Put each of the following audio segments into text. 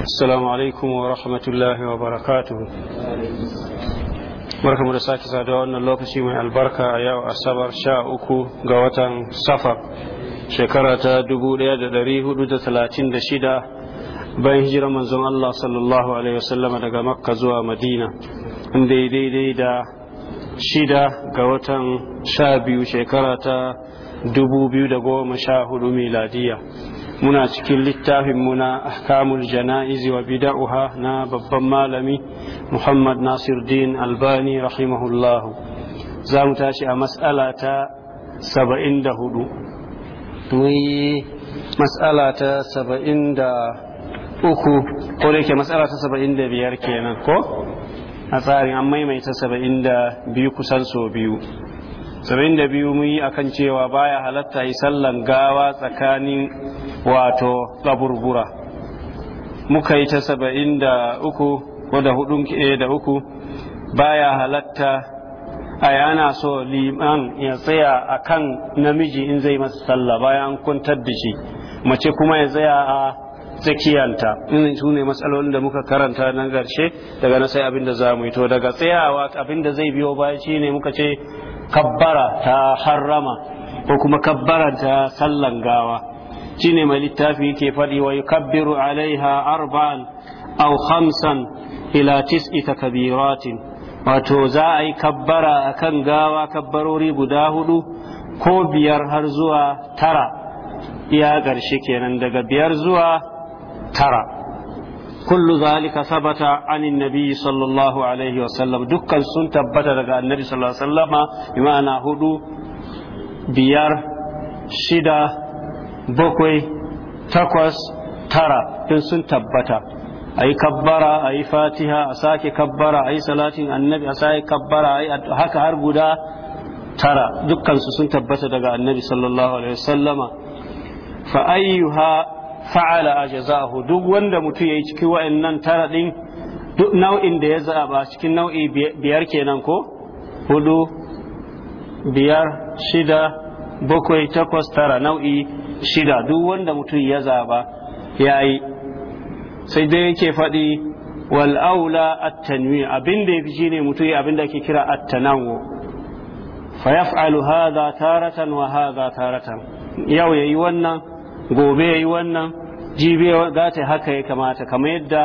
wa rahmatullahi wa الله وبركاته mu da sake saduwa wannan lokaci mai albarka a yau asabar sha uku ga watan safar shekara ta shida bayan hijirar manzon Allah sallallahu alaihi wasallama daga makka zuwa madina inda daidai da shida ga watan sha biyu shekara ta hudu miladiya muna cikin littafin na ahkamul jana'izi wa bida'uha na babban malami muhammad nasiruddin albani rahimahullahu za mu tashi a mas'ala ta saba'in da hudu muyi mas'ala ta saba'in da uku ko da ke mas'ala ta saba'in da biyar kenan ko a tsarin an maimaita saba'in da biyu kusan so biyu saba'in da biyu mun yi akan cewa baya halatta yi sallan gawa tsakanin wato kaburbura muka yi ta saba'in da uku ko da hudun eh, da uku baya halatta a yana so liman ya tsaya a kan namiji in zai masa sallah bayan an kwantar da shi mace kuma ya tsaya a tsakiyanta in su ne matsalolin da muka karanta nan garshe daga na abin da za mu yi to daga tsayawa abin da zai biyo baya shine muka ce kabbara ta harrama ko kuma kabbara ta sallan gawa shine mai littafi yake faɗi wa yukabbiru alaiha arba'an aw khamsan ila tis'i takbiratin wato za a yi kabbara akan gawa kabbarori guda hudu ko biyar har zuwa tara iya ƙarshe kenan daga biyar zuwa tara kullu zalika sabata anin nabi sallallahu alaihi wasallam dukkan sun tabbata daga annabi sallallahu alaihi wasallama bi ma'ana hudu biyar shida bakwai takwas tara din sun tabbata ayi kabbara ayi fatiha a sake kabbara ayi salatin annabi a sake kabbara ayi haka har guda tara dukkan sun tabbata daga annabi sallallahu alaihi fa'ala ajza'ahu duk wanda mutum yayi cikin wa'annan tara din duk nau'in da ya zaba cikin nau'i biyar kenan ko hudu biyar shida bakwai takwas tara nau'i shida duk wanda mutum ya zaba yayi sai dai yake faɗi wal aula at-tanwi abin da yafi shine mutum ya abin da ake kira at-tanawwu fa yaf'alu taratan yau yayi wannan gobe yayi wannan jibe za ta haka ya kamata kamar yadda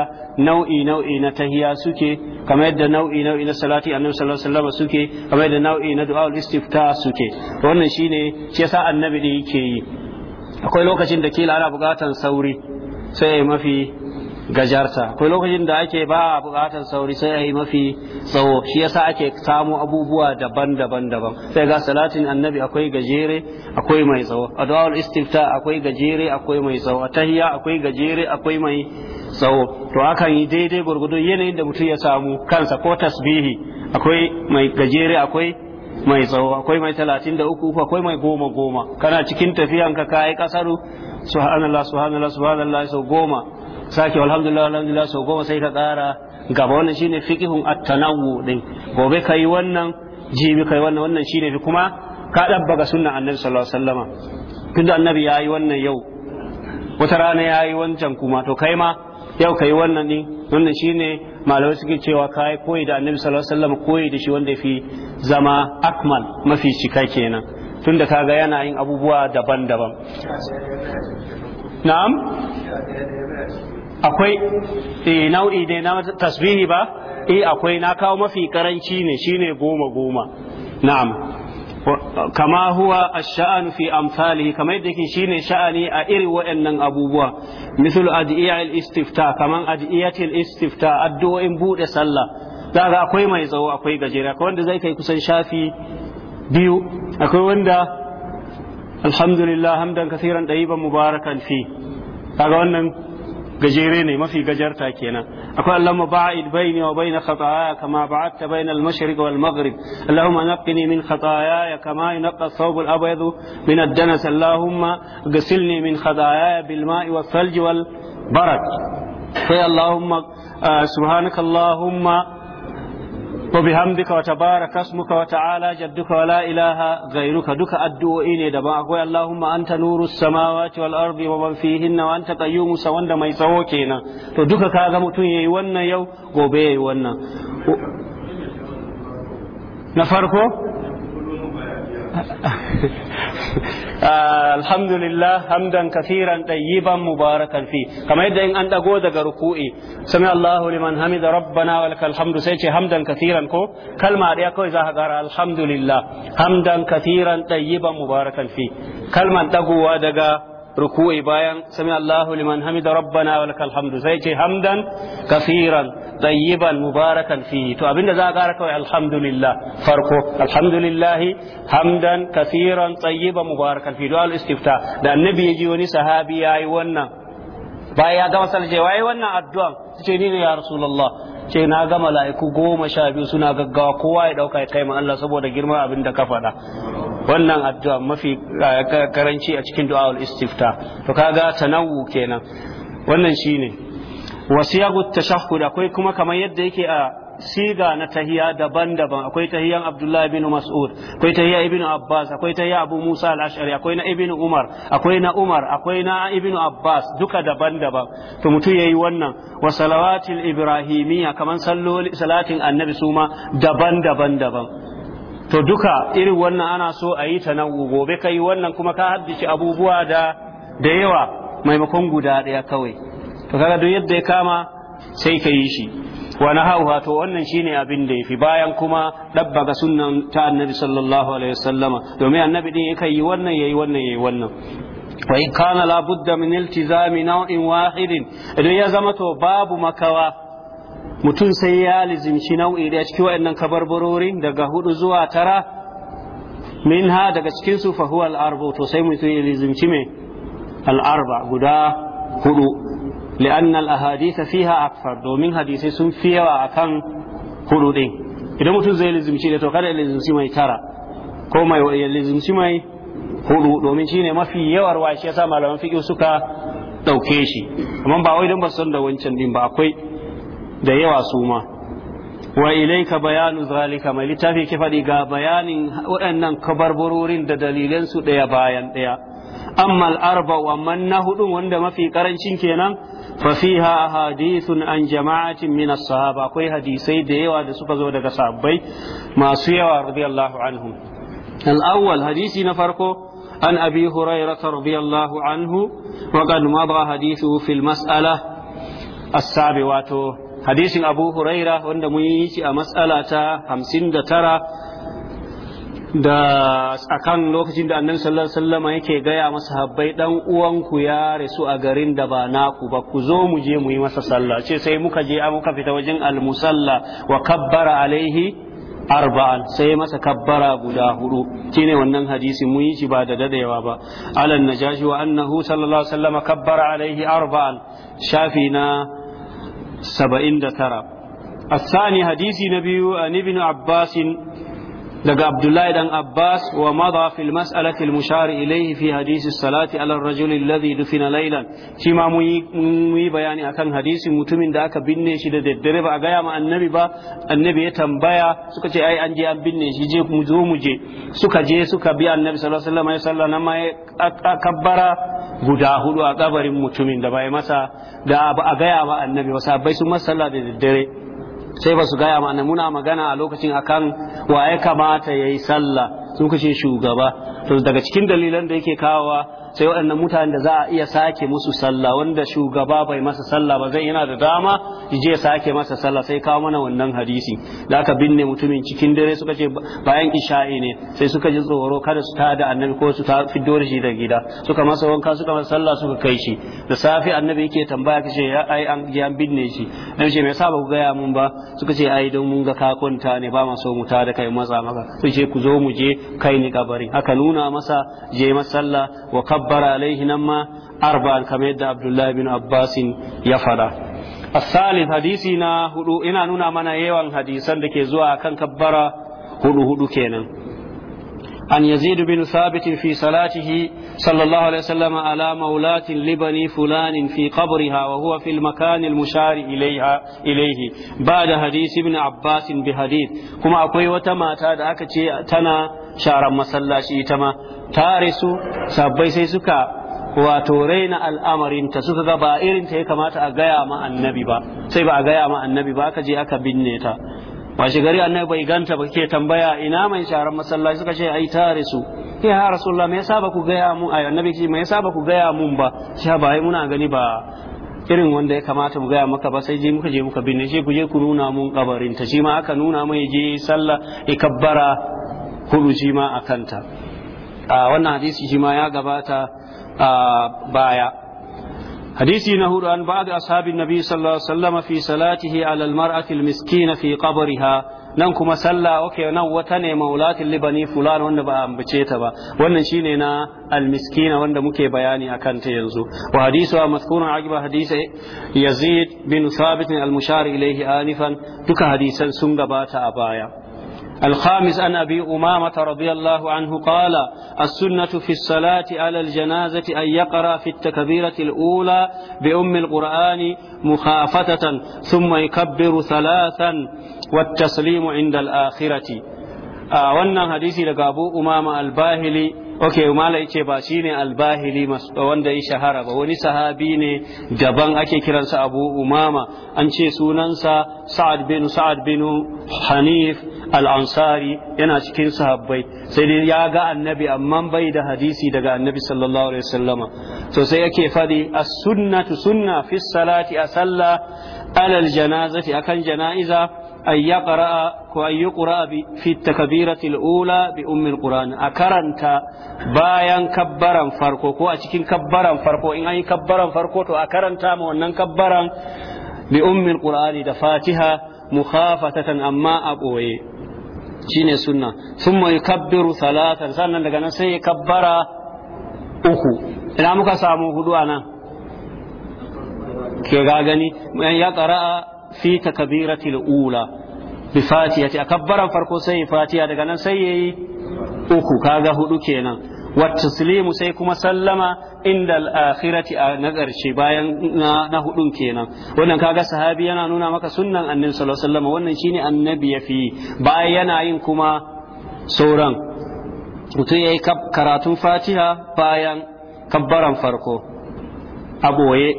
nau'i nau'i na tahiya suke kamar yadda nau'i nau'i na salati annabi sallallahu alaihi wasallam suke kamar yadda nau'i na du'a istifta suke to wannan shine shi yasa annabi da yake yi akwai lokacin da kila ana bukatan sauri sai mafi gajarta akwai lokacin da ake ba a bukatar sauri sai a yi mafi tsawo shi yasa ake samu abubuwa daban-daban daban sai ga salatin annabi akwai gajere akwai mai tsawo addu'ar istifta akwai gajere akwai mai tsawo tahiyya akwai gajere akwai mai tsawo to akan yi daidai gurgudun yanayin da mutum ya samu kansa ko tasbihi akwai mai gajere akwai mai tsawo akwai mai talatin da uku akwai mai goma goma kana cikin tafiyanka ka yi kasaru subhanallah subhanallah subhanallah sau goma sake alhamdulillah alhamdulillah so goma sai ka kara gaba wannan shine fiqhun at-tanawwu din gobe kai wannan jibi kai wannan wannan shine fi kuma ka dabbaga sunnan annabi sallallahu alaihi wasallam tunda annabi yayi wannan yau wata rana yayi wancan kuma to kai ma yau kai wannan din wannan shine malamai suke cewa kai koyi da annabi sallallahu alaihi wasallam koyi da shi wanda yafi zama akmal mafi cika kenan tunda kaga yana yin abubuwa daban-daban na'am akwai eh, nau'i ne na tasbihi ba eh akwai na kawo mafi karanci ne shine goma goma na'am kama huwa ash-sha'an fi amsalihi kama yadda yake shine sha'ani a irin waannan abubuwa misal adiyatul istifta kaman adiyatul istifta addu'o'in bude sallah daga akwai mai tsawo akwai gajera akwai wanda zai kai kusan shafi biyu akwai wanda alhamdulillah hamdan kaseeran dayiban mubarakan fi kaga wannan gajere ne mafi gajarta kenan akwai allahumma ba'id baini wa baina khataaya kama ba'adta baina al-mashriq wal maghrib allahumma naqqini min khataaya kama yunqqa thawb al-abyad min ad-danas allahumma ghsilni min khataaya bil ma'i wal salji wal barad fa allahumma subhanaka allahumma وبحمدك وتبارك اسمك وتعالى جدك ولا إله غيرك دك أدوئي ندبا أقول اللهم أنت نور السماوات والأرض ومن فيهن وأنت قيوم سوان دمي سوكينا تدك كاغم تنيي ون يو قبي ون نفركو alhamdulillah hamdan kathiran tayyiban mubarakan fi kamar yadda in an dago daga ruku'i sami Allahu liman hamida rabbana walakal hamdu sai ce hamdan kathiran ko kalma da kawai za ka gara alhamdulillah hamdan kathiran tayyiban mubarakan fi kalman dagowa daga ruku'i bayan sami Allahu liman hamida rabbana wa lakal hamdu sai ce hamdan kafiran tayyiban mubarakan fi to abinda za a gara kawai alhamdulillah farko alhamdulillah hamdan kafiran tayyiban mubarakan fi du'a istifta da annabi ya ji wani sahabi yayi wannan bayan ya gama sallah waye wannan addu'a ce ni ne ya rasulullah ce na ga mala'iku goma sha biyu suna gaggawa kowa ya dauka ya kai ma Allah saboda girman abin da ka faɗa wannan addu'a mafi eh, karanci a cikin du'a istifta to kaga tanawu kenan wannan shine wasiyagu tashahhud akwai kuma kamar yadda yake a siga na tahiya daban-daban akwai tahiyan Abdullahi bin Mas'ud akwai tahiya Ibn Abbas akwai tahiya Abu Musa al-Ash'ari akwai na Ibn Umar akwai na Umar akwai na Ibn Abbas duka daban-daban to mutum yayi wannan wa salawatil ibrahimiyya kaman salloli salatin annabi suma daban-daban daban to duka irin wannan ana so a yi ta nan gobe kai wannan kuma ka haddace abubuwa da da yawa maimakon guda ɗaya kawai to kaga duk yadda ya kama sai ka yi shi wa hau to wannan shine abin da yafi bayan kuma dabbaga sunnan ta annabi sallallahu alaihi wasallama domin annabi din yakan yi wannan yayi wannan yayi wannan wa in kana la budda min iltizami naw'in wahidin idan ya zama to babu makawa mutum sai ya lizimci nau'i da cikin waɗannan kabarbarori daga hudu zuwa tara minha daga cikin su fa huwa to sai mutum ya lizimci me al'arba guda hudu li'anna al-ahadith fiha akthar domin hadisai sun fi yawa akan hudu ɗin idan mutum zai lizumci da to kada lizumci mai tara ko mai lizumci mai hudu domin shine mafi yawar washi yasa malaman fiqh suka ɗauke shi amma ba wai don ba san da wancan din ba akwai da yawa suma. ma wa ilaika bayanu zalika mai littafi ki faɗi ga bayanin waɗannan kabarbarorin da dalilansu ɗaya bayan ɗaya amma al-arba na hudun wanda mafi karancin kenan fa fiha hadithun an jama'atin min as-sahaba akwai hadisai da yawa da suka zo daga sahabbai masu yawa radiyallahu anhu al-awwal hadisi na farko an abi hurairah radiyallahu anhu wa qad mada hadithu fil mas'alah as-sabi wato hadisin abu huraira wanda mun yi shi a matsala ta hamsin da tara da tsakan lokacin da annan sallar sallama yake gaya masa habbai dan uwanku ya rasu a garin da ba naku ba ku zo mu je mu yi masa sallah ce sai muka je muka fita wajen al-musalla wa kabbara alaihi arba'an sai masa kabbara guda hudu shine wannan hadisi mun yi shi ba da dadewa ba alan najashi wa annahu sallallahu alaihi wasallam kabbara alaihi arba'an shafi na 79 الثاني حديث نبي عن ابن عباس daga Abdullahi dan Abbas wa madha fil mas'alati al mushar ilayhi fi hadisi salati ala ar-rajul alladhi dufina laylan shi ma yi bayani akan hadisin mutumin da aka binne shi da daddare ba a gaya ma annabi ba annabi ya tambaya suka ce ai an je an binne shi je mu zo mu je suka je suka bi annabi sallallahu alaihi wasallam ya sallana ma ya kabbara guda hudu a kabarin mutumin da bai masa da ba a gaya ma annabi ba bai sun masa sallah da daddare sai ba su gaya mana muna magana a lokacin akan wa ya kamata ya yi sallah sun kashe shugaba to daga cikin dalilan da yake kawowa sai waɗannan mutanen da za a iya sake musu sallah wanda shugaba bai masa sallah ba zai yana da dama je sake masa sallah sai kawo mana wannan hadisi da aka binne mutumin cikin dare suka ce bayan isha'i ne sai suka ji tsoro kada su ta da annabi ko su ta fiddo da shi da gida suka masa wanka suka masa sallah suka kai shi da safe annabi yake tambaya kace ya ai an ya binne shi dan ce me yasa ba ku gaya mun ba suka ce ai don mun ga ka kwanta ne ba ma so mu ta da kai matsa maka sai ce ku zo mu je kai ni kabari haka nuna masa je masa sallah wa kabbara alaihi nan ma arba'an kamar yadda abdullahi bin abbasin ya fada asalin hadisi na hudu ina nuna mana yawan hadisan da ke zuwa a kan kabbara hudu hudu kenan an yazidu bin sabitin fi salatihi sallallahu alaihi wasallam ala maulatin libani fulanin fi qabriha wa huwa fil makanil mushari ilaiha ba da hadisi bin abbasin bi hadith kuma akwai wata mata da aka ce tana sharar masallaci ita ma tarisu sabbai sai suka wato raina al'amarinta suka ga ba irinta ya kamata a gaya ma annabi ba sai ba a gaya ma annabi ba aka je aka binne ta washe gari annabi bai ganta ba ke tambaya ina mai sharan masallaci suka ce ai tarisu ha rasulullah me yasa ba ku gaya mu ai annabi ce me yasa ba ku gaya mun ba shi ba ai muna gani ba irin wanda ya kamata mu gaya maka ba sai je muka je muka binne shi ku je ku nuna mun kabarin ta shi ma aka nuna mai je sallah ikabbara hudu shi ma a kanta wannan hadisi shi ma ya gabata a baya hadisi na hudu an ba'd ashabin nabi sallallahu alaihi wasallam fi salatihi ala almar'ati almiskina fi qabriha nan kuma salla oke nan wata ne maulatin libani fulan wanda ba ambace ta ba wannan shine na almiskina wanda muke bayani akan ta yanzu wa hadisu mazkurun aqiba hadisi yazid bin thabit almushari ilayhi anifan duka hadisan sun gabata a baya الخامس عن أبي أمامة رضي الله عنه قال السنة في الصلاة على الجنازة أن يقرأ في التكبيرة الأولى بأم القرآن مخافتة ثم يكبر ثلاثا والتسليم عند الآخرة آه وانا حديثي لقابو أمامة الباهلي ok mala yace ba shine albahili wanda ya shahara ba wani sahabi ne daban ake kiransa abu umama an ce sunansa sa'ad bin sa'ad bin hanif al-ansari yana cikin sahabbai sai dai ya ga annabi amma bai da hadisi daga annabi sallallahu alaihi wasallama to sai yake fadi as-sunnatu sunna fi salati a sallah alal janazati akan jana'iza an yaqra ko an yuqra fi takbirati al-ula bi ummi al a karanta bayan kabbaran farko ko a cikin kabbaran farko in an yi kabbaran farko to a karanta ma wannan kabbaran bi ummin al da fatiha mukhafatatan amma a boye shine sunna thumma yukabbiru salatan sannan daga nan sai ya kabbara uku ina muka samu hudu anan ke ga ya fi kabiratil ula bi a kabbaran farko sai fatiha daga nan sai yayi uku kaga hudu kenan wa taslimu sai kuma sallama inda al-akhirati na karshe bayan na hudun kenan wannan kaga sahabi yana nuna maka sunnan annabi sallallahu alaihi wasallam wannan shine annabi ya fi. bayan yana yin kuma sauran mutum yayi karatun fatiha bayan kabbaran farko a boye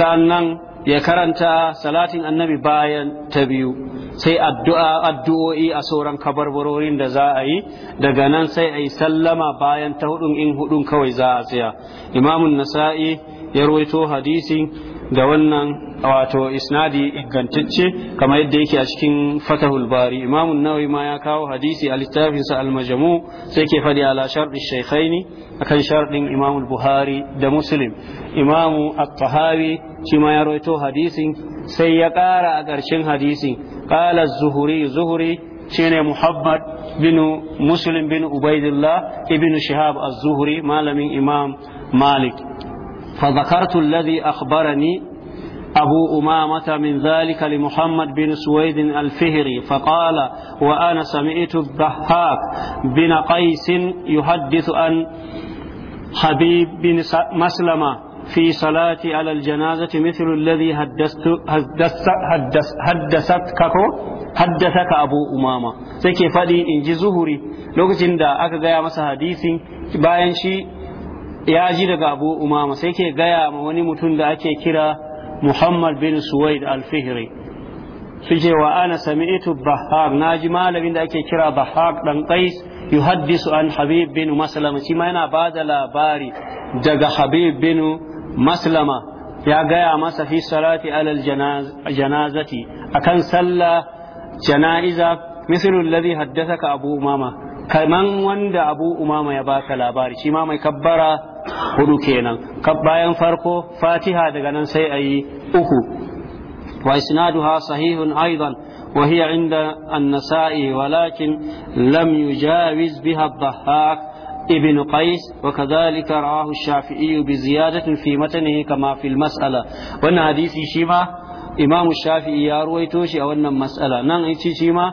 sannan ya karanta salatin annabi bayan ta biyu sai addu'a addu'o'i a sauran kabarbarorin da za a yi daga nan sai a yi sallama bayan ta hudun in hudun kawai za a tsaya imamun nasa'i ya rawaito hadisin da wannan wato isnadi ingantacce kamar yadda yake a cikin fatahul bari imamu nawawi ma ya kawo hadisi a littafinsa almajamu sai ke fadi ala sharɗin shaikhaini akan sharɗin imamu buhari da muslim imamu at-tahawi shi ma ya roito hadisin sai ya ƙara a ƙarshen hadisin ƙala zuhuri zuhuri shine muhammad binu muslim bin ubaidillah ibnu shihab az-zuhri malamin imam malik فذكرت الذي أخبرني أبو أمامة من ذلك لمحمد بن سويد الفهري فقال وأنا سمعت الضحاك بن قيس يحدث عن حبيب بن مسلمة في صلاة على الجنازة مثل الذي حدثت حدث حدث حدثتك حدثك أبو أمامة سيكي فدي إنجي زهري لوكتين دا أكا غيا مسا حديثي باين شي ya ji daga abu umama sai ke gaya ma wani mutum da ake kira muhammad bin suwaid al-fihri su ce wa ana sami'tu bahar na ji malamin da ake kira bahar dan qais yuhaddisu an habib bin maslama shi ma yana ba da labari daga habib bin maslama ya gaya masa fi salati alal janazati akan sallah jana'iza mithlu alladhi haddathaka abu umama kaman wanda abu umama ya baka labari shi ma mai kabbara hudu kenan bayan farko fatiha daga nan sai ayi uku wa isnaduha sahihun aidan wa hiya inda an-nasa'i walakin lam yujawiz biha ad-dhahhak ابن قيس وكذلك رآه الشافعي بزيادة في متنه كما في المسألة وأن حديث شيما إمام الشافعي يروي توشي أو أن مسألة نعم شيما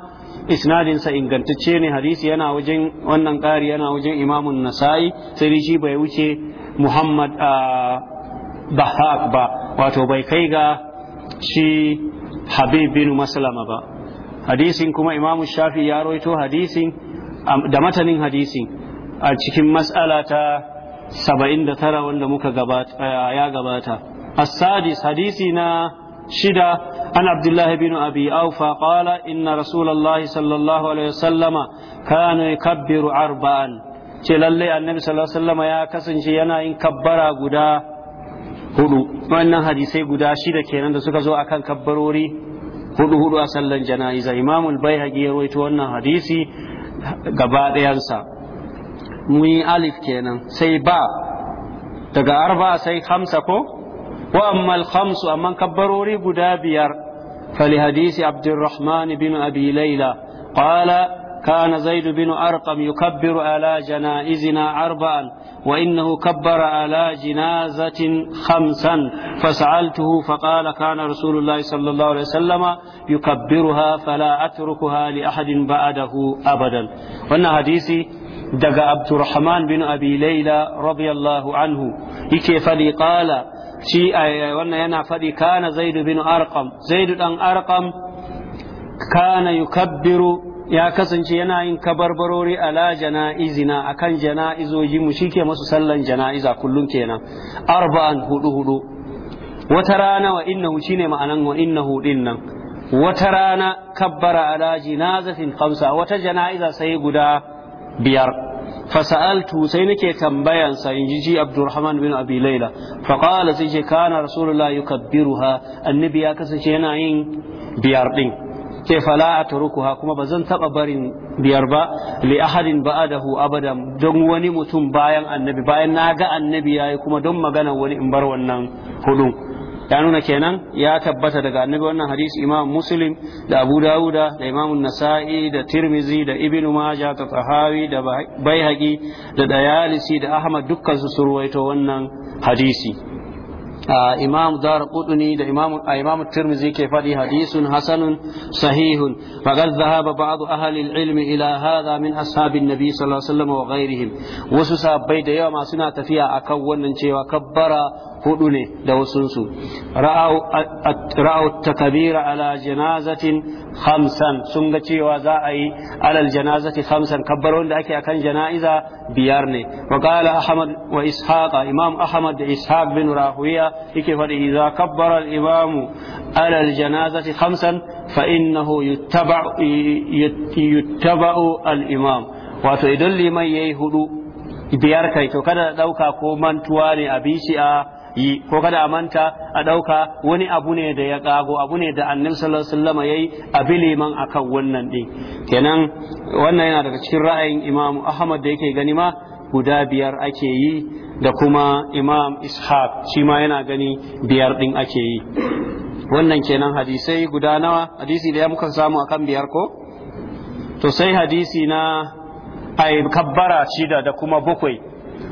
isnadinsa ingantacce ne hadisi yana wajen wannan ƙari yana wajen imamun nasa'i sai dai shi bai wuce muhammad bahak ba wato bai kai ga shi habib bin maslama ba hadisin kuma imamu shafi ya roito hadisin da matanin hadisin a cikin mas'ala ta saba'in da tara wanda muka gabata ya gabata as hadisi na شدة عن عبد الله بن أبي أوفى قال إن رسول الله صلى الله عليه وسلم كان يكبر أربعا للي النبي صلى الله عليه وسلم يا كسن ينا إن كبر غدا hudu wannan hadisai guda shida kenan da suka zo kan kabbarori hudu hudu a sallan jana'iza imamul baihaqi ya rawaito wannan hadisi gabaɗayansa. ɗayansa mun alif kenan sai ba daga arba'a sai hamsa ko wa amma al-khamsu amma kabbarori guda biyar fali hadisi abdurrahman bin abi laila qala كان زيد بن أرقم يكبر على جنائزنا أربعا وإنه كبر على جنازة خمسا فسألته فقال كان رسول الله صلى الله عليه وسلم يكبرها فلا أتركها لأحد بعده أبدا وأن حديثي دقى عبد الرحمن بن أبي ليلى رضي الله عنه إكي فلي قال shi wannan yana faɗi kana zaidu bin arqam zaidu dan arqam kana yukabbiru ya kasance yana yin kabarbarori ala jana'izina akan jana'izoji mu shike masu sallan jana'iza kullum kenan arba'an hudu hudu wata rana wa innahu shine ma'anan wa innahu dinnan wata rana kabbara ala jinazatin khamsa wata jana'iza sai guda biyar fasa'altu sai nake tambayan sa in ji Abdurrahman bin Abi Laila fa qala sai ce kana Rasulullah yukabbiruha annabi ya kasance yana yin biyar din ce fala atrukuha kuma bazan taba barin biyar ba li ahadin ba'adahu abadan don wani mutum bayan annabi bayan na ga annabi yayi kuma don magana wani in bar wannan hudun ya nuna kenan ya tabbata daga annabi wannan hadisi imam muslim da abu dawuda da imam nasa'i da tirmizi da ibnu majah da tahawi da baihaqi da dayalisi da ahmad dukkan su surwaito wannan hadisi imam dar qudni da imam imam tirmizi ke fadi hadisun hasanun sahihun faqad dhahaba ba'd ahli al-ilm ila hadha min ashabin nabi sallallahu wa ghairihim wasu sahabbai da yawa ma suna tafiya akan wannan cewa kabbara hudu ne da wasunsu ra'au takabira ala janazatin khamsan sun ga cewa za a yi alal janazati khamsan kabbaron da ake akan jana'iza biyar ne wa qala ahmad wa ishaqa imam ahmad da ishaq bin rahuya yake faɗi idza kabbara al-imam ala al-janazati khamsan fa innahu yuttaba'u yuttaba'u al-imam wato idan liman yayi hudu biyar kai to kada dauka ko mantuwa ne a bishi a yi ko kada a manta a dauka wani abu ne da ya kago abu ne da annabi sallallahu alaihi wasallam yayi a biliman akan wannan din kenan wannan yana daga cikin ra'ayin imamu ahmad da yake gani ma guda biyar ake yi da kuma imam ishaq shi ma yana gani biyar ɗin ake yi wannan kenan hadisai guda nawa hadisi da ya muka samu akan biyar ko to sai hadisi na ai kabbara shida da kuma bakwai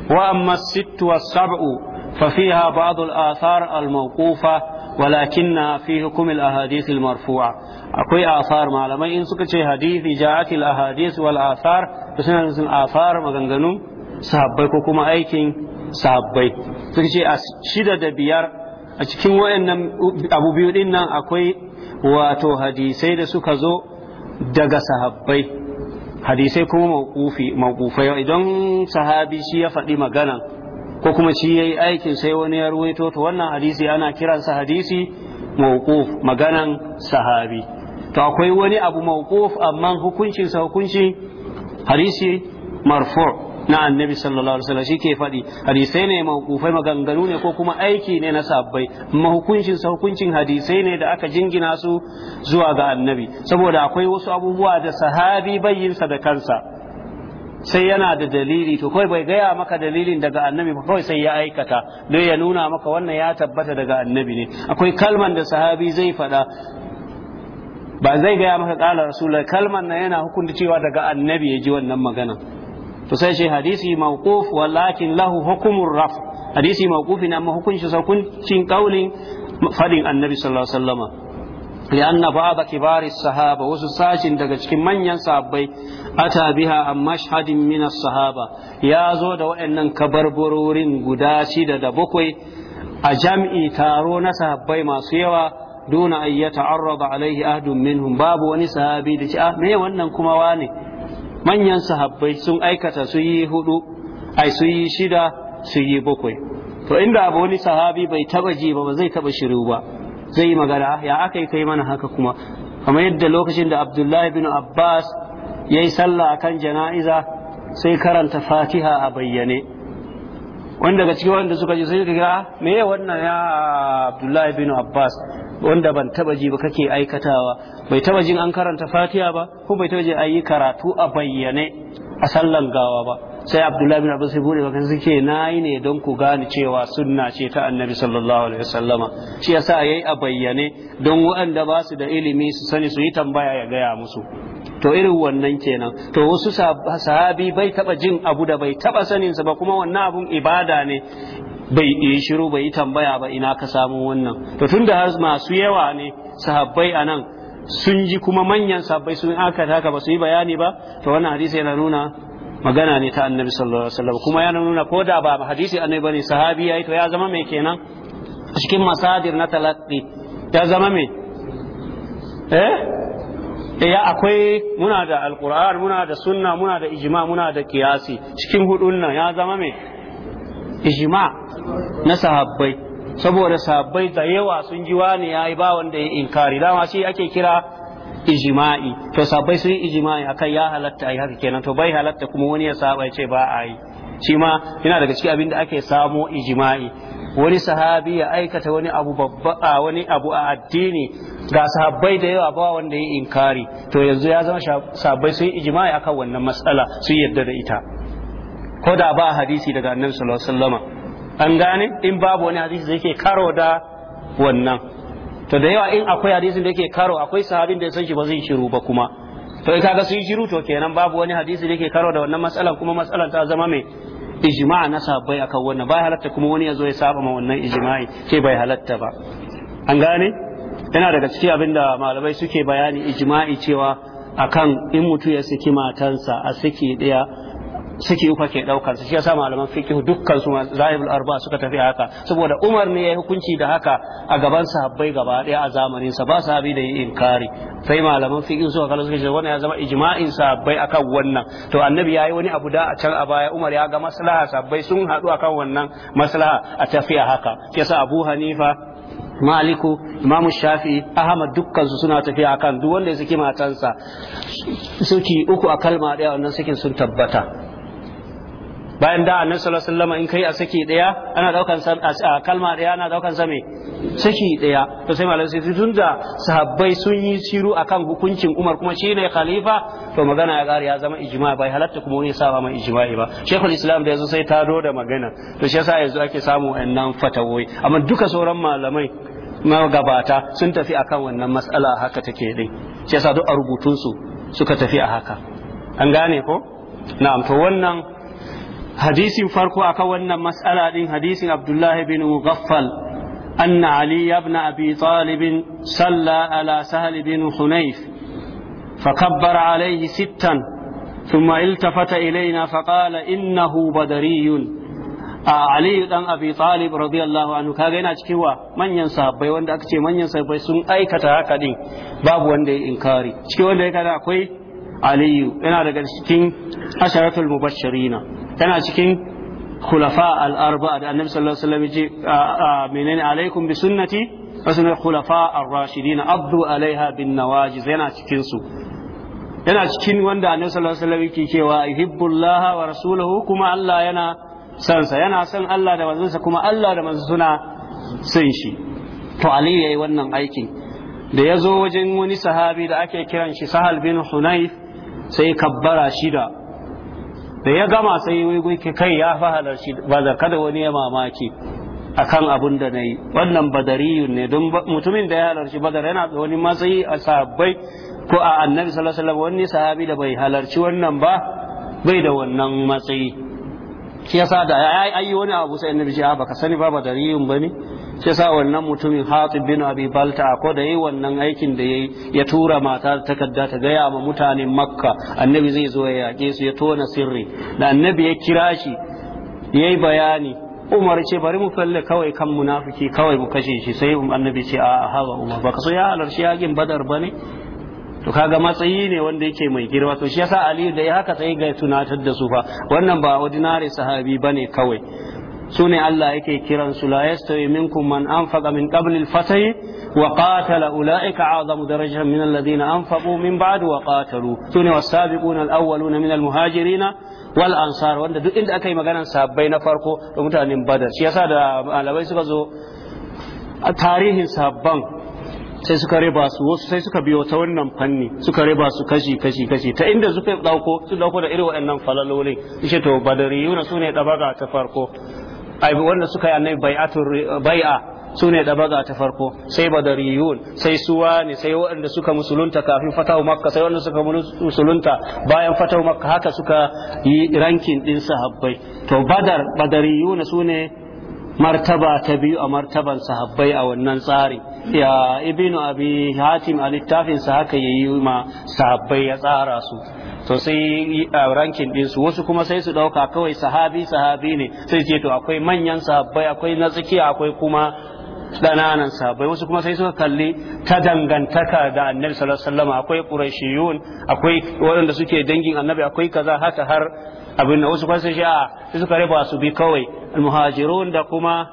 wa amma sittu was sab'u ففيها بعض الآثار الموقوفة ولكن في حكم الأحاديث المرفوعة أكوي آثار معلمة إن سكتش حديث جاءت الأحاديث والآثار بسنا نسل آثار مغنغنو sahabbai ko kuma aikin sahabbai suka ce a shida da biyar a cikin wayannan abu biyu din nan akwai wato hadisai da suka zo daga sahabbai hadisai kuma mawqufai idan sahabi shi ya faɗi magana ko kuma shi yayi aikin sai wani ya ruwaito to wannan hadisi ana kiransa hadisi mawquf maganan sahabi to akwai wani abu mawquf amma hukuncin sa hadisi marfu' na annabi sallallahu alaihi wasallam ke faɗi hadisai ne mawqufai maganganu ne ko kuma aiki ne na sabbai amma hukuncin sa hukuncin hadisai ne da aka jingina su zuwa ga annabi saboda akwai wasu abubuwa da sahabi sa da kansa sai yana da dalili to kawai bai gaya maka dalilin daga annabi ba kawai sai ya aikata don ya nuna maka wannan ya tabbata daga annabi ne akwai kalman da sahabi zai faɗa ba zai gaya maka kala rasulullah kalman na yana hukunta cewa daga annabi ya ji wannan magana to sai hadisi mawquf walakin lahu hadisi mawqufi na hukunci hukuncin kaulin fadin annabi sallallahu alaihi wasallam lianna ba'da kibari sahaba wasu sashin daga cikin manyan sahabbai ata biha an mashhadin min sahaba ya zo da waɗannan kabarbarorin guda shida da bakwai a jam'i taro na sahabbai masu yawa duna an ya ta'arraba alaihi ahdun minhum babu wani sahabi da ce ah me wannan kuma wane manyan sahabbai sun aikata su yi hudu ai su yi shida su yi bakwai to inda abu wani sahabi bai taba ji ba zai taba shiru ba zai yi magana ah, ya aka yi kai mana haka kuma kamar yadda lokacin da abdullahi bin abbas ya yi sallah akan jana'iza sai karanta fatiha a bayyane wani daga cikin wanda suka ji sai ka ga ah, me ya wannan ya Abdullahi bin Abbas wanda ban taba ji ba kake aikatawa bai taba jin an karanta Fatiha ba ko bai taba ji ayi karatu a bayyane a sallan gawa ba sai abdullahi bin abbas ya bude maka suke nayi ne don ku gane cewa sunna ce ta annabi sallallahu alaihi wasallama shi yasa yayi a bayyane don waɗanda ba su da ilimi su sani su yi tambaya ya gaya musu to irin wannan kenan to wasu sahabi bai taba jin abu da bai taba sanin sa ba kuma wannan abun ibada ne bai yi shiru bai yi tambaya ba ina ka samu wannan to tunda har masu yawa ne sahabbai anan. sun ji kuma manyan sabbai sun aka haka ba su yi bayani ba to wannan hadisi yana nuna magana ne ta annabi sallallahu alaihi wasallam kuma yana nuna ko da ba hadisi annabi bane sahabi yayi to ya zama mai kenan cikin masadir na talaqqi ya zama mai eh? eh ya akwai muna da alquran muna da sunna muna da ijma muna da qiyasi cikin hudun nan ya zama mai ijma na sahabbai saboda sabbai da yawa sun ji wani ya yi ba wanda ya inkari dama shi ake kira ijima'i to sabbai sun yi ijima'i akan ya halatta ai haka kenan to bai halatta kuma wani ya saba ya ce ba a yi shi ma yana daga cikin abin da ake samo ijima'i wani sahabi ya aikata wani abu babba a wani abu a addini ga sahabbai da yawa ba wanda ya inkari to yanzu ya zama sahabbai sun yi ijima'i akan wannan matsala sun yarda da ita ko da ba hadisi daga annabi sallallahu alaihi wasallam an gane in babu wani hadisi da yake karo da wannan to da yawa in akwai hadisin da yake karo akwai sahabin da ya san shi ba zai shiru ba kuma to in kaga sun shiru to kenan babu wani hadisi da yake karo da wannan matsalan kuma matsalan ta zama mai ijma'a na sahabbai akan wannan bai halatta kuma wani ya zo ya saba ma wannan ijma'i ce bai halatta ba an gane yana daga cikin abin da malamai suke bayani ijma'i cewa akan in mutu ya saki matansa a saki daya saki uku ke daukar shi yasa malaman fiqh dukkan su zahibul arba suka tafi haka saboda Umar ne ya hukunci da haka a gaban sahabbai gaba daya a zamanin sa ba sahabi da yi inkari sai malaman fiqh suka kalla suka ce wannan ya zama ijma'in sahabbai akan wannan to annabi yayi wani abu da a can a baya Umar ya ga maslaha sahabbai sun hadu akan wannan maslaha a tafiya haka shi yasa Abu Hanifa maliku imamu shafi ahmad dukkansu suna tafiya akan duk wanda ya saki matansa suki uku a kalma daya wannan sukin sun tabbata bayan da annabi sallallahu alaihi wasallam in kai a saki daya ana daukan a kalma daya ana daukan sa me saki daya to sai malamai sai tun da sahabbai sun yi shiru akan hukuncin Umar kuma shine khalifa to magana ya kare ya zama ijma bai halatta kuma wani saba mai ijma'i ba shekul islam da yazo sai taro da magana to shi yasa yanzu ake samu wannan fatawoyi amma duka sauran malamai gabata sun tafi akan wannan mas'ala haka take dai shi yasa duk a rubutunsu suka tafi a haka an gane ko na'am to wannan hadisin farko akan wannan mas'ala din hadisin abdullahi bin mughaffal anna ali ibn abi talib salla ala sahl bin hunayf فكبر عليه ستا ثم التفت إلينا فقال إنه بدري Ali dan Abi Talib radiyallahu anhu kaga yana cikin wa manyan sahabbai wanda aka ce manyan sahabbai sun aikata haka din babu wanda ya inkari cikin wanda ya kada akwai Aliyu yana daga cikin asharatul mubashirina tana cikin khulafa al'arba arbaa da annabi sallallahu alaihi ji a ce menene alaikum bi sunnati wa sunnat khulafa ar-rashidin addu alaiha bin nawajiz yana cikin su yana cikin wanda annabi sallallahu alaihi wasallam yake cewa yuhibbullaha wa rasuluhu kuma Allah yana son sa yana son Allah da manzon kuma Allah da manzon suna son shi to Ali yayi wannan aikin da ya zo wajen wani sahabi da ake kiran shi Sahal bin Hunayf sai kabbara shida da ya gama sai ke kai ya fi halarci ba kada wani ya mamaki a kan abun da na yi wannan badariyun ne don mutumin da ya halarci badar yana da wani matsayi a sahabbai ko a annabi sallallahu wani sahabi da bai halarci wannan ba bai da wannan matsayi shi yasa da ayi wani abu sai annabi ya ah, baka sani ba badariyun bane shi sa wannan mutumin hatib bin abi balta ko da yi wannan aikin da yayi ya tura mata da takarda ta gaya ma mutanen makka annabi zai zo ya yaƙe su ya tona sirri da annabi ya kira shi yayi bayani umar ce bari mu falle kawai kan munafiki kawai mu kashe shi sai annabi ce a hawa umar baka so ya halarci yakin badar bane to kaga matsayi ne wanda yake mai girma to shi yasa aliyu da ya haka sai ga tunatar da su fa wannan ba ordinary sahabi bane kawai su ne Allah yake kiran su la yastawi minkum man anfaqa min qabli al-fatih wa qatala ulaika a'zamu darajatan min alladhina anfaqu min ba'd wa qatalu su ne was al-awwaluna min al-muhajirina wal ansar wanda duk inda aka yi maganar sabbai na farko da mutanen badar shi yasa da malamai suka zo a tarihin sabban sai suka riba su wasu sai suka biyo ta wannan fanni suka riba su kashi kashi kashi ta inda suka dauko su dauko da irin waɗannan falalolin ishe to badariyuna sune dabaga ta farko ai wanda suka yi annabi bai'atul bai'a sune dabaga ta farko sai badariyun sai suwani sai waɗanda suka musulunta kafin fatahu makka sai waɗanda suka musulunta bayan fatahu makka haka suka yi rankin din sahabbai to badar badariyun sune martaba ta biyu a martaban sahabbai a wannan tsari ya ibnu abi hatim a littafinsa haka ya yi ma sahabbai ya tsara su to sai rankin din su wasu kuma sai su ɗauka kawai sahabi sahabi ne sai ce to akwai manyan sahabbai akwai na tsakiya akwai kuma ɗananan sahabbai wasu kuma sai suka kalli ta dangantaka da annabi sallallahu alaihi wasallam akwai qurayshiyun akwai waɗanda suke dangin annabi akwai kaza haka har abin wasu kuma sai a suka ba su bi kawai almuhajirun da kuma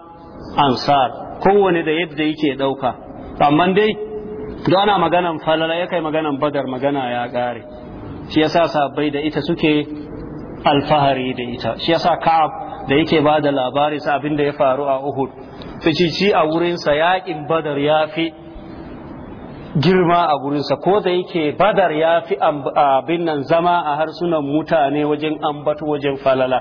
ansar kowane da yadda yake ɗauka amma dai da ana maganan falala ya kai maganan badar magana ya kare shi yasa sabai da ita suke alfahari da ita shi yasa ka'ab da yake ba da labari sa abin da ya faru a uhud fici a wurinsa yaƙin badar ya fi girma a gurinsa ko da yake badar ya fi abin nan zama a harsunan mutane wajen ambatu wajen falala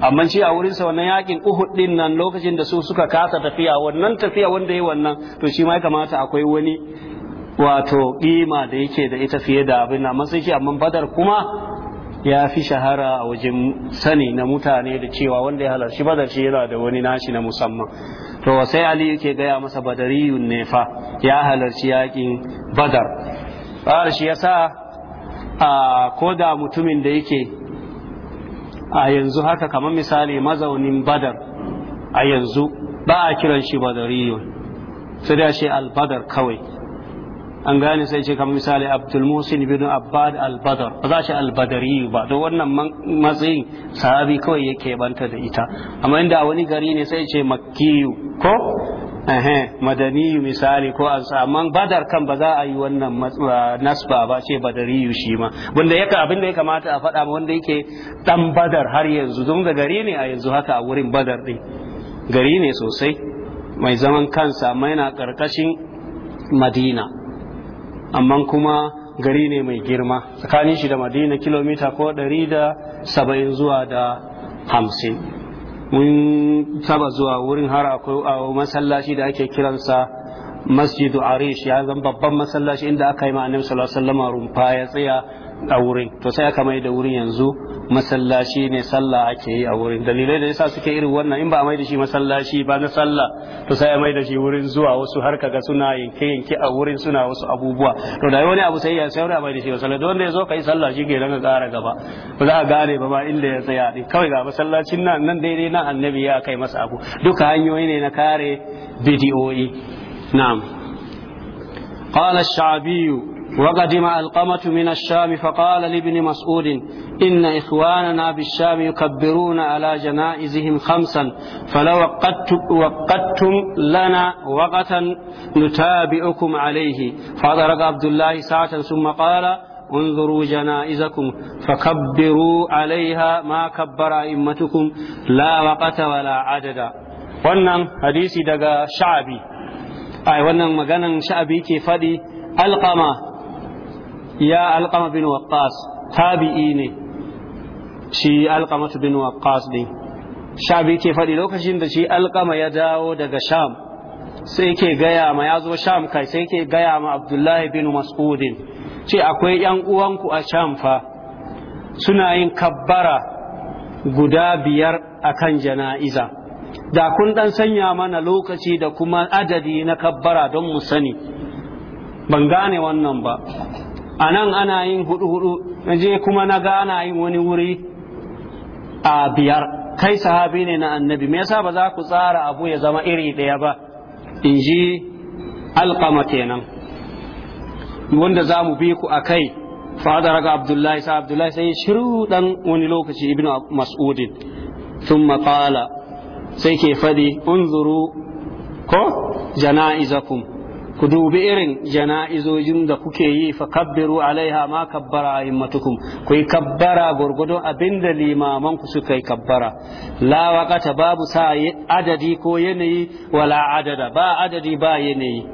amma shi a wurinsa wannan yakin uhud din nan lokacin da su suka kasa tafiya wannan tafiya wanda ya wannan to shi ma ya kamata akwai wani wato kima da yake da ita fiye da abin nan sai shi amma badar kuma ya fi shahara a wajen sani na mutane da cewa wanda ya halarci badar shi yana da wani nashi na musamman to sai ali yake gaya masa badariyun ne ya halarci yakin badar shi yasa a koda mutumin da yake a yanzu haka kamar misali mazaunin badar a yanzu ba a kiran shi badariyo sai da shi albadar kawai an gane sai ce kamar misali abdul musin bin abbad albadar ba za shi albadari ba don wannan matsayin sahabi kawai yake banta da ita amma inda a wani gari ne sai ce makkiyu ko madaniyu misali ko an amma badar kan ba za a yi wannan uh, nasba ba ce badariyu shi ma wanda yaka abin da ya kamata a faɗa wanda yake dan badar har yanzu don da gari ne a yanzu haka a wurin badar din gari ne sosai mai zaman kansa mai na ƙarƙashin madina amma kuma gari ne mai girma tsakanin shi da madina kilomita ko ɗari da 170 zuwa da hamsin. mun saba zuwa wurin har akwai a masallaci da ake kiransa masjidu arish ya zan babban masallaci inda aka yi ma'anin annabi sallallahu rumfa ya tsaya a wurin to sai aka mai da wurin yanzu masallaci ne sallah ake yi a wurin dalilai da yasa suke irin wannan in ba a mai da shi masallaci ba na sallah to sai a mai da shi wurin zuwa wasu har kaga suna yanke yanke a wurin suna wasu abubuwa to da wani abu sai ya sai a mai da shi masallaci don da yazo kai sallah shi ke dan kara gaba ba za a gane ba ba inda ya tsaya din kawai ga masallacin nan nan daidai na annabi ya kai masa abu duka hanyoyi ne na kare bidiyoyi na'am قال الشعبي وقدم القمة من الشام فقال لابن مسعود إن إخواننا بالشام يكبرون على جنائزهم خمسا فلو وقدتم لنا وقتا نتابعكم عليه فأدرك عبد الله ساعة ثم قال انظروا جنائزكم فكبروا عليها ما كبر أئمتكم لا وقت ولا عدد wannan hadisi daga sha'abi ai wannan maganan sha'abi ke faɗi alƙama ya alƙama bin waqqas tabi'i ne shi alqama bin waqqas din shabi ke faɗi lokacin da shi alƙama ya dawo daga sham sai ke gaya ma ya zo sham kai sai ke gaya ma abdullahi bin mas'udin ce akwai yan uwanku a sham fa suna yin kabbara guda biyar akan jana'iza da kun dan sanya mana lokaci da kuma adadi na kabbara don mu sani ban gane wannan ba a nan ana yin hudu hudu na je kuma na ga ana yin wani wuri a biyar kai sahabi ne na annabi me yasa ba za ku tsara abu ya zama iri ɗaya ba in ji alƙama kenan wanda za mu bi ku a kai fadar ga abdullahi sa abdullahi sai shiru dan wani lokaci ibnu mas'udin thumma qala sai ke fadi unzuru ko jana'izakum ku dubi irin jana'izojin da kuke yi fa kabbiru alaiha ma kabbara a'immatukum ku yi kabbara gurgudo abinda limaman ku suka yi kabbara la waqata babu sa adadi ko yanayi wala adada ba adadi ba yanayi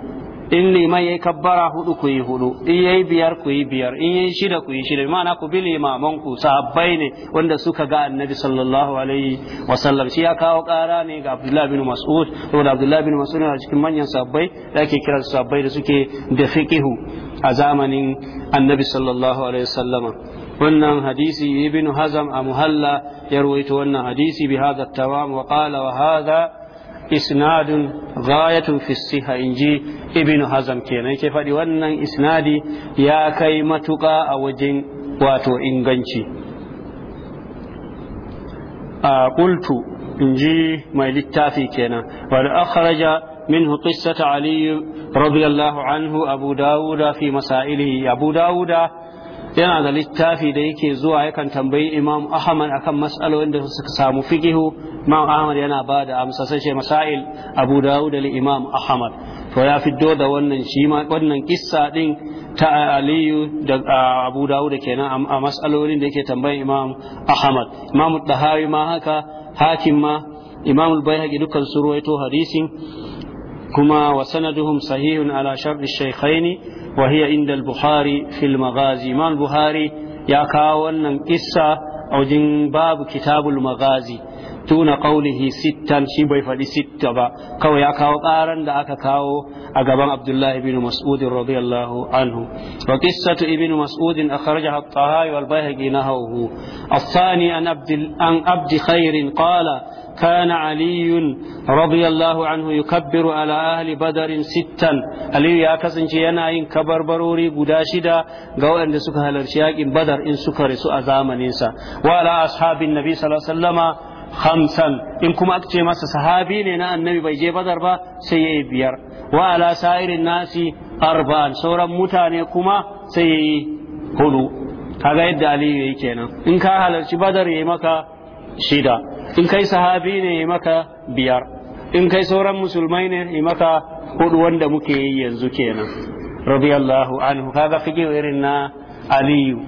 in liman yayi kabbara hudu ku yi hudu in yayi biyar ku yi biyar in yayi shida ku yi shida ma'ana ku bi limaman ku sahabbai ne wanda suka ga annabi sallallahu alaihi wa shi ya kawo kara ne ga Abdullahi bin Mas'ud saboda Abdullahi bin Mas'ud yana cikin manyan sahabbai da ake kira su sahabbai da suke da fiqihu a zamanin annabi sallallahu alaihi wa wannan hadisi ibn Hazam a muhalla ya ruwaito wannan hadisi bi hadha tawam wa qala wa hadha isnadun ghayatun fi siha inji ibn hazam kenan yake faɗi wannan isnadi ya kai matuƙa a wajen wato inganci a qultu inji mai littafi kenan wal akhraja منه قصة علي رضي الله عنه أبو داود في مسائله أبو داود yana da littafi da yake zuwa yakan tambayi imam ahmad akan mas'alolin da suka samu fikihu imam ahmad yana ba da amsa sai ce masail abu dawud da imam ahmad to ya fiddo da wannan shi wannan kissa din ta aliyu da abu dawud kenan a matsalolin da yake tambayin imam ahmad imam dahawi ma haka hakim ma imam al-baihaqi dukkan su ruwaito hadisin كما وسندهم صحيح على شرط الشيخين وهي عند البخاري في المغازي ما البخاري يا كاونا قصة أو جن باب كتاب المغازي tuna qawlihi sittan shi bai faɗi sitta ba kawai ya kawo ƙaran da aka kawo a gaban Abdullahi ibn Mas'ud radiyallahu anhu wa qissatu ibn Mas'ud akhrajaha at-Tahawi wal Baihaqi nahawhu الثاني an عبد عن عبد خير قال كان علي رضي الله عنه يكبر على أهل بدر ستا علي يا كسن ينا إن كبر بروري قداشدا قو أن سكها لرشياك بدر إن سكر سوء زامن وعلى أصحاب النبي صلى الله عليه وسلم khamsan in kuma aka ce masa sahabi ne na annabi bai je badar ba sai yayi biyar wa ala sa'irin nasi arba'an sauran mutane kuma sai yayi hudu kaga yadda aliyu yayi kenan in ka halarci badar yayi maka shida in kai sahabi ne yayi maka biyar in kai sauran musulmai ne yayi maka hudu wanda muke yi yanzu kenan radiyallahu anhu kaga fige irin na aliyu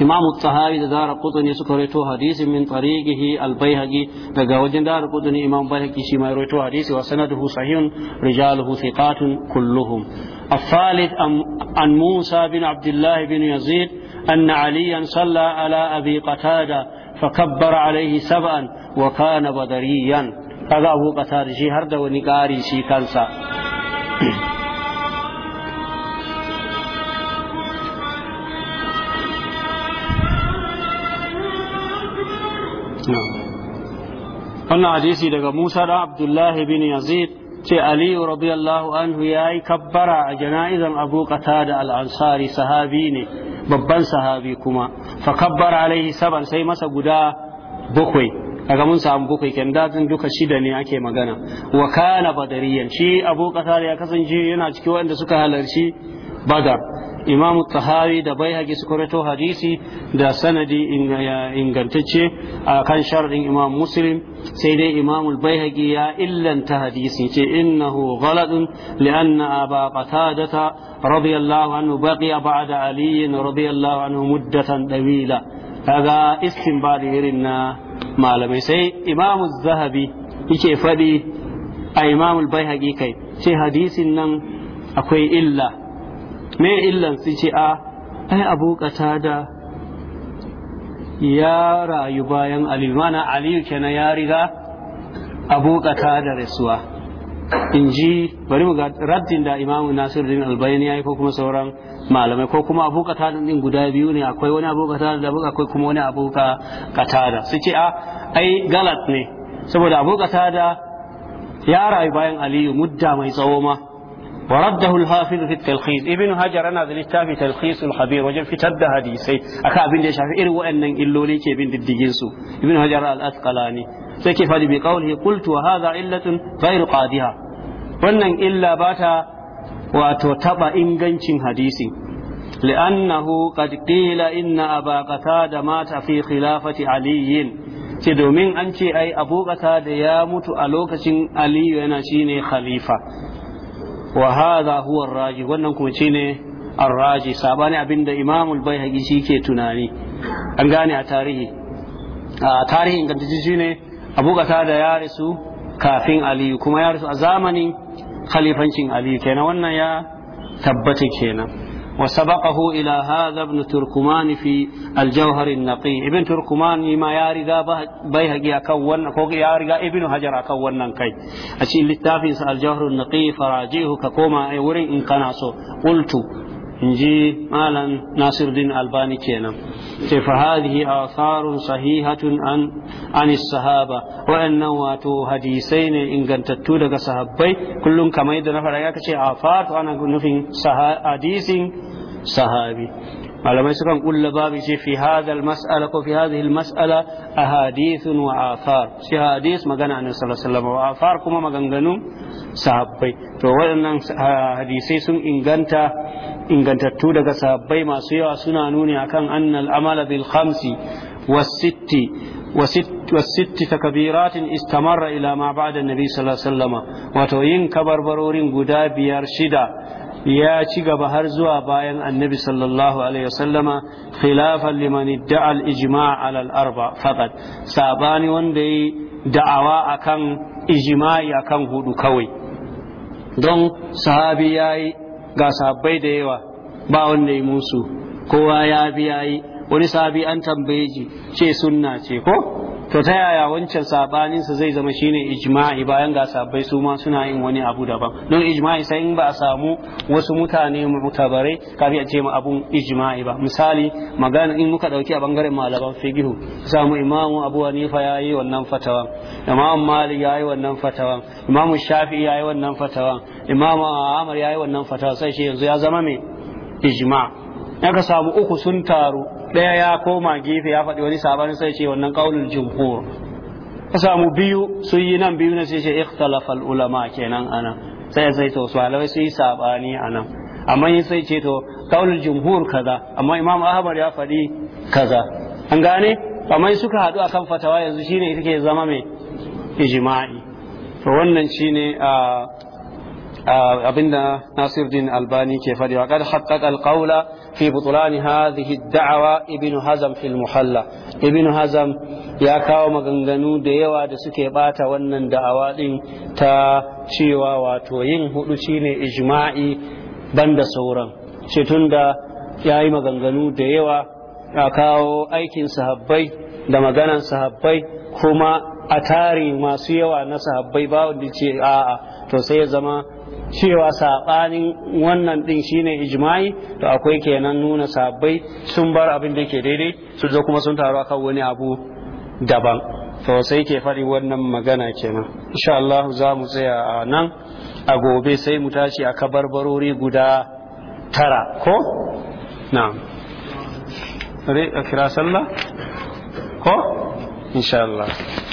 imam tahawi da dara qutni suka rawaito hadisi min tariqihi al-baihaqi daga wajen dara qutni imam baihaqi shi ma rawaito hadisi wa sanaduhu sahihun rijaluhu thiqatun kulluhum الثالث عن موسى بن عبد الله بن يزيد أن عليا صلى على أبي قتادة فكبر عليه سبعا وكان بدريا هذا أبو قتادة ونقاري wannan hadisi daga Musa da Abdullahi bin Yazid ce Aliyu radiyallahu anhu ya yi kabbara a jana'izan Abu da al-Ansari sahabi ne babban sahabi kuma fa kabbara alaihi saban sai masa guda bakwai daga mun samu bakwai ken dazin duka shida ne ake magana wa kana badariyan shi Abu Qatada ya kasance yana cikin wanda suka halarci Badar imamu tahawi da baihaqi su rawaito hadisi da sanadi ingantacce a kan sharadin imam muslim sai dai imamul baihaqi ya illanta hadisi ce innahu ghaladun li'anna aba qatadata radiyallahu anhu baqiya ba'da ali radiyallahu anhu muddatan dawila kaga da irin na malamai sai imamu zahabi yake faɗi a imamul baihaqi kai sai hadisin nan akwai illa me illan su ce a ah, ai abu da ya rayu bayan aliyu mana aliyu kenan ya riga abu da rasuwa in ji bari mu ga raddin da imamu nasiruddin albayani ya yi ko kuma sauran malamai ko kuma abu da din guda biyu ne akwai wani abu katada da akwai kuma wani abu da. su ce a ah, ai galat ne saboda abu da ya rayu bayan aliyu mudda mai tsawo ma ورده الحافظ في التلخيص ابن هجر انا ذا للتافي تلخيص الخبير وجن في تد حديثي اكا ابن دي شافي irin waɗannan illoli ke bin diddigin su ibn hajar al asqalani sai ke fadi bi qawlihi qultu wa hadha illatun ghayr qadiha wannan illa bata wato taba ingancin hadisi li'annahu qad qila inna aba da mata fi khilafati ali ce domin an ce ai abu da ya mutu a lokacin aliyu yana shine khalifa wa hadha huwa raji wannan kuma shine raji sabani abinda imam al-baihaqi shike tunani an gane a tarihi a tarihin gantacci shine abu da ya rasu kafin aliyu kuma ya rasu a zamanin khalifancin aliyu kenan wannan ya tabbata kenan وسبقه إلى هذا ابن تركمان في الجوهر النقي ابن تركمان ما يارغا بيهقي أكون كوك يارغا ابن هجر أكون ننكي أشي اللي الجوهر النقي فراجيه ككوما أي ورين إن كان قلت in ji malam nasiruddin albani kenan ce fa hadhihi atharun sahihatun an an sahaba waɗannan wato hadisai ne ingantattu daga sahabbai kullum kamar da na faɗa ya kace afar to ana nufin hadisin sahabi malamai sukan kulla babu ce fi hadal mas'ala ko fi hadhihi al-mas'ala ahadithun wa athar shi hadith magana annabi sallallahu alaihi wasallam wa athar kuma maganganu sahabbai to waɗannan hadisai sun inganta ingantattu daga sahabbai masu yawa suna nuni akan annal amala bil khamsi والست وست والست تكبيرات استمر إلى ما بعد النبي صلى الله عليه وسلم وتوين كبر برور قدا بيار شدا ya ci gaba har zuwa bayan annabi sallallahu alaihi wasallama khilafan liman idda'a al-ijma' ala al-arba faqat sabani wanda yi da'awa akan ijma'i akan hudu kawai don sahabi yayi ga sahabbai da yawa ba wanda yi musu kowa ya bi yayi wani sahabi an tambaye ji ce sunna ce ko to ta yaya wancan sa zai zama shine ijma'i bayan ga sabai su ma suna yin wani abu daban don ijma'i sai in ba a samu wasu mutane mutabarai kafi a ce abun ijma'i ba misali magana in muka dauki a bangaren malaman fiqh samu imamu abu hanifa yayi wannan fatawa imamu malik yayi wannan fatawa imamu shafi yayi wannan fatawa imamu ahmad yayi wannan fatawa sai shi yanzu ya zama me ijma' aka samu uku sun taru ɗaya ya koma gefe ya faɗi wani sabanin sai ce wannan ƙaunin jumhur ka samu biyu sun yi nan biyu na sai ce ikhtalafal ulama kenan anan sai sai to malamai sun yi sabani anan amma yin sai ce to ƙaunin jumhur kaza amma imam ahmad ya faɗi kaza an gane amma suka haɗu akan fatawa yanzu shine ita ke zama mai ijma'i to wannan shine a ah, abinda Nasiruddin Albani ke fadi wa kada haqqaqa alqawla fi butlan hadhihi ad-da'wa ibn fil muhalla ibn hazam ya kawo maganganu da yawa da suke bata wannan da'awa din ta cewa wato yin hudu shine ijma'i banda sauran ce tunda yayi maganganu da yawa ya kawo aikin sahabbai da maganan sahabbai kuma a tari masu yawa na sahabbai ba wanda ce a'a to sai ya zama cewa saɓanin wannan ɗin shine ijma'i to akwai kenan nuna sabai sun bar abin da yake daidai su zo kuma sun taru akan wani abu daban to sai ke fari wannan magana kenan insha Allah za mu tsaya a nan a gobe sai mu tashi a kabarbarori guda tara ko na'am kira sallah ko insha Allah